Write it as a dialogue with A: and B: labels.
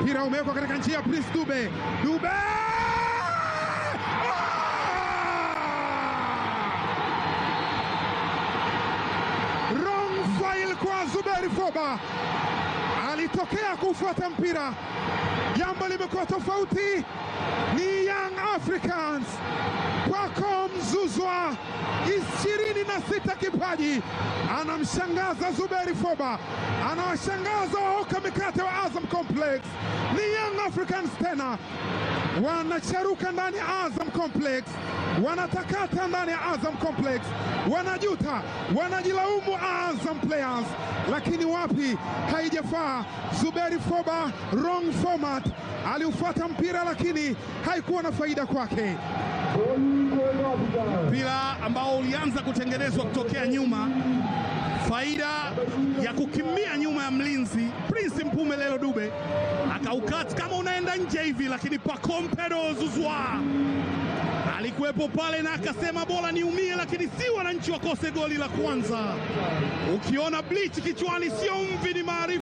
A: mpira umewekwa katika njia Pris Dube, Dube wrong ah! file kwa Zuberi Foba, alitokea kufuata mpira. Jambo limekuwa tofauti, ni Young Africans sita kipaji, anamshangaza Zuberi Foba, anawashangaza waoka mikate wa Azam Complex. Ni Young Africans tena wanacharuka ndani ya Azam Complex, wanatakata ndani ya Azam Complex, wanajuta, wanajilaumu Azam Players, lakini wapi, haijafaa. Zuberi Foba wrong format, aliufuata mpira lakini haikuwa na faida kwake.
B: Pilar ambao ulianza kutengenezwa kutokea nyuma, faida ya kukimbia nyuma ya mlinzi Prince Mpume Lelo Dube akaukati kama unaenda nje hivi, lakini Pakompero Zuzwa alikuwepo pale na akasema bora niumie, lakini si wananchi wakose goli la kwanza. Ukiona bleach kichwani sio mvi, ni maarifa.